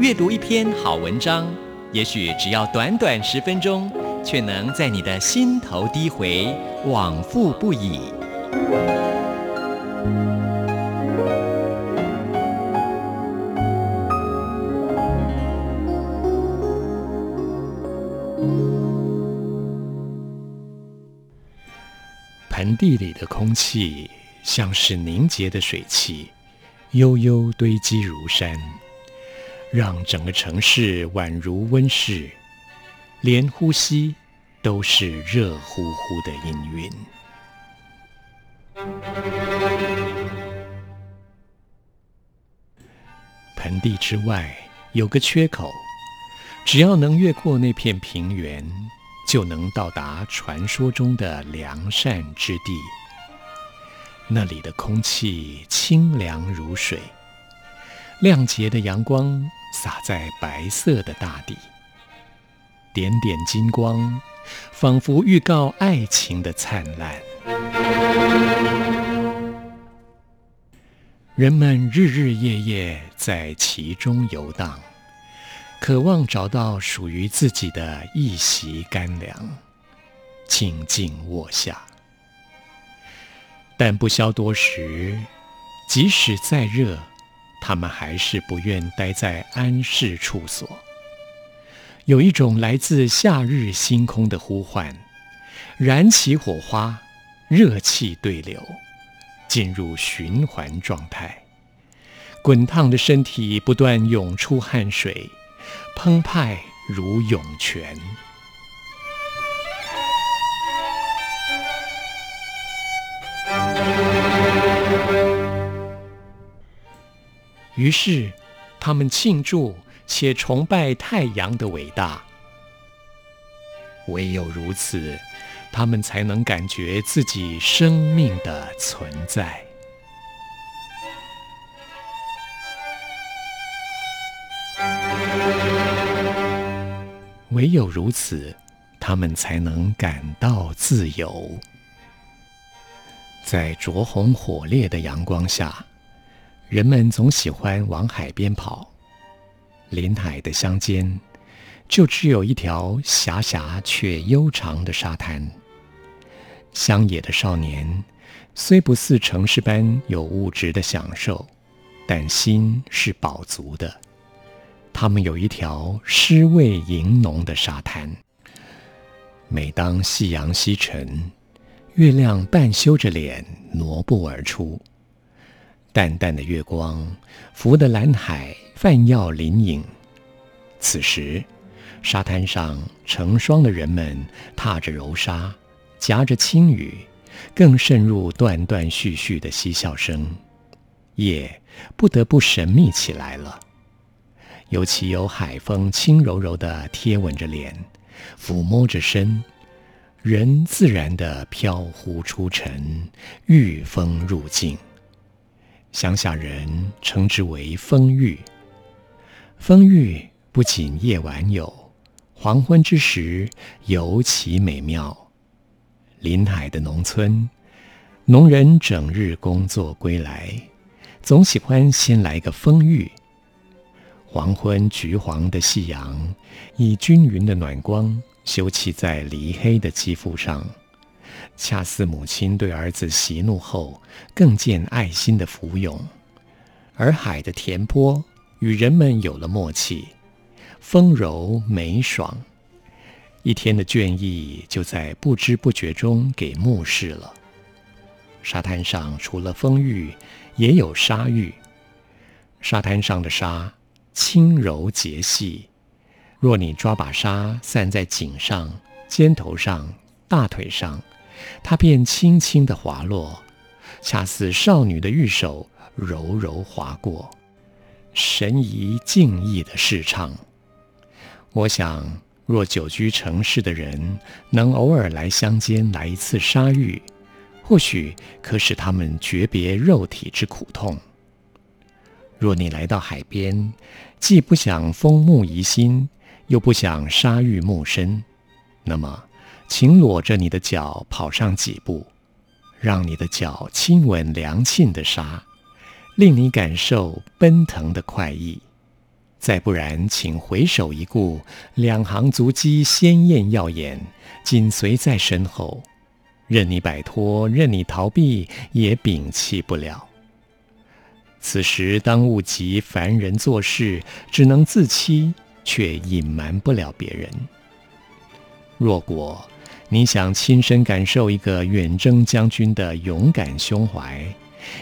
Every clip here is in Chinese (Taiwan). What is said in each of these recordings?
閱讀一篇好文章，也許只要短短十分鐘，卻能在你的心頭低回，往復不已。盆地裡的空氣像是凝結的水汽，悠悠堆積如山。讓整個城市宛如溫室，連呼吸都是熱乎乎的氤氲。盆地之外有個缺口，只要能越過那片平原，就能到達傳說中的良善之地。那裡的空氣清涼如水，亮潔的陽光。灑在白色的大地，點點金光，仿佛預告愛情的燦爛。人們日日夜夜在其中遊蕩，渴望找到屬於自己的一席乾涼，靜靜臥下。但不消多時，即使再熱，他們還是不願待在安適處所。有一種來自夏日星空的呼喚，燃起火花，熱氣對流，進入循環狀態。滾燙的身體不斷湧出汗水，澎湃如湧泉。於是，他們慶祝且崇拜太陽的偉大。唯有如此，他們才能感覺自己生命的存在；唯有如此，他們才能感到自由。在灼紅火烈的陽光下。人們總喜歡往海邊跑，臨海的鄉間就只有一條狹狹卻悠長的沙灘。鄉野的少年雖不似城市般有物質的享受，但心是飽足的。他們有一條詩味盈濃的沙灘。每當夕陽西沉，月亮半羞着臉挪步而出。淡淡的月光，拂得藍海泛耀鱗影。此時，沙灘上成雙的人們踏着柔沙，夾着輕語，更滲入斷斷續續的嬉笑聲。夜不得不神秘起來了。尤其有海風輕柔柔地貼吻着臉，撫摸着身，人自然地飄忽出塵，御風入境。鄉下人稱之為“風浴”，風浴不僅夜晚有，黃昏之時尤其美妙。臨海的農村，農人整日工作歸來，總喜歡先來個風浴。黃昏橘黃的夕陽，以均勻的暖光，休憩在黎黑的肌膚上。恰似母親對兒子息怒後，更見愛心的浮湧，而海的甜波與人們有了默契，風柔美爽，一天的倦意就在不知不覺中給目視了。沙灘上除了風浴，也有沙浴，沙灘上的沙輕柔潔細，若你抓把沙散在頸上、肩頭上、大腿上。它便輕輕地滑落，恰似少女的玉手柔柔滑過，神怡靜逸的世唱。我想，若久居城市的人能偶爾來鄉間來一次沙浴，或許可使他們訣別肉體之苦痛。若你來到海邊，既不想風沐怡心，又不想沙浴沐身，那麼。請裸着你的腳跑上幾步，讓你的腳親吻涼沁的沙，令你感受奔騰的快意。再不然，請回首一顧，兩行足跡鮮豔耀眼，緊隨在身後，任你擺脫，任你逃避，也摒棄不了。此時當務及凡人做事，只能自欺，卻隱瞞不了別人。若果。你想親身感受一個遠征將軍的勇敢胸懷，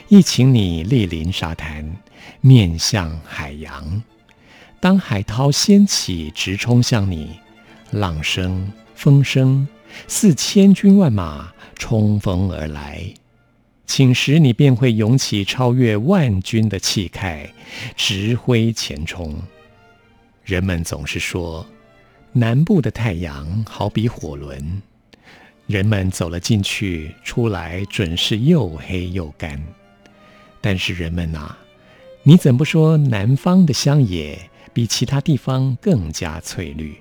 亦請你莅臨沙灘，面向海洋。當海濤掀起，直衝向你，浪聲風聲，似千軍萬馬衝鋒而來。頃時，你便會湧起超越萬軍的氣概，直揮前衝。人們總是說，南部的太陽好比火輪。人們走了進去，出來準是又黑又乾。但是人們吶、啊，你怎不說南方的鄉野比其他地方更加翠綠？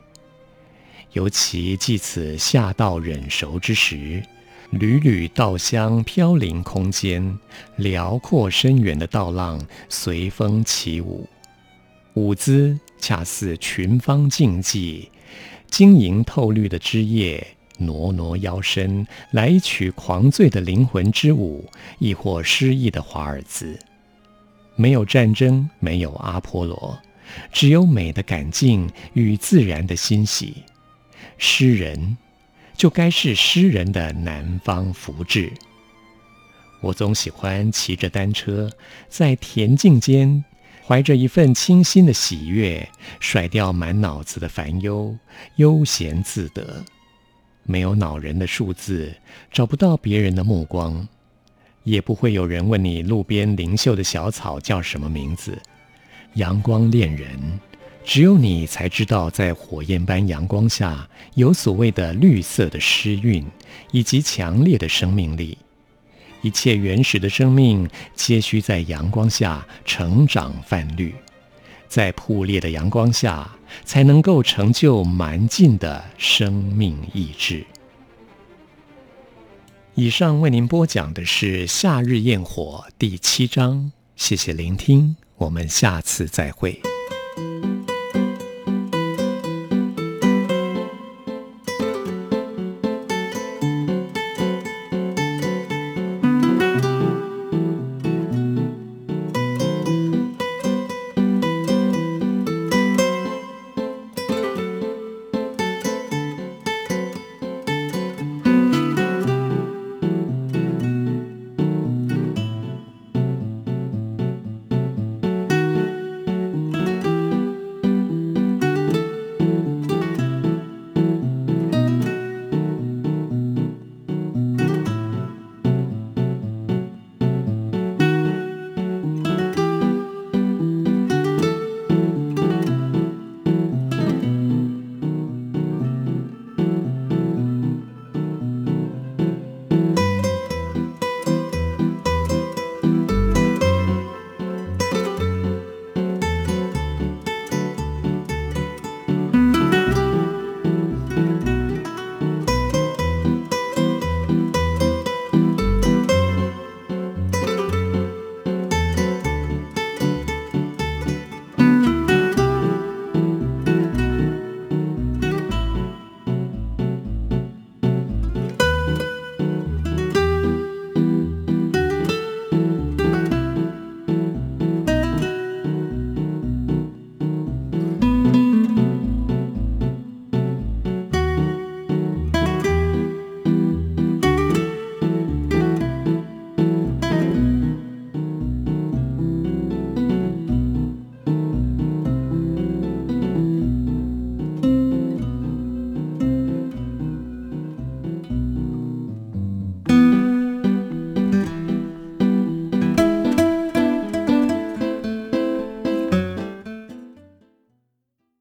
尤其即此夏稻稔熟之時，縷縷稻香飄零空間，遼闊深遠的稻浪隨風起舞，舞姿恰似群芳競技，晶瑩透綠的枝葉。挪挪腰身，來一曲狂醉的靈魂之舞，亦或詩意的華爾茲。沒有戰爭，沒有阿波羅，只有美的感境與自然的欣喜。詩人，就該是詩人的南方福祉。我總喜歡騎着單車，在恬靜間，懷着一份清新的喜悅，甩掉滿腦子的煩憂，悠閒自得。沒有惱人的數字，找不到別人的目光，也不會有人問你路邊靈秀的小草叫什麼名字。陽光戀人，只有你才知道，在火焰般陽光下，有所謂的綠色的詩韻以及強烈的生命力。一切原始的生命，皆需在陽光下成長泛綠。在暴烈的陽光下，才能夠成就蠻勁的生命意志。以上為您播講的是《夏日焰火》第七章，謝謝聆聽，我們下次再會。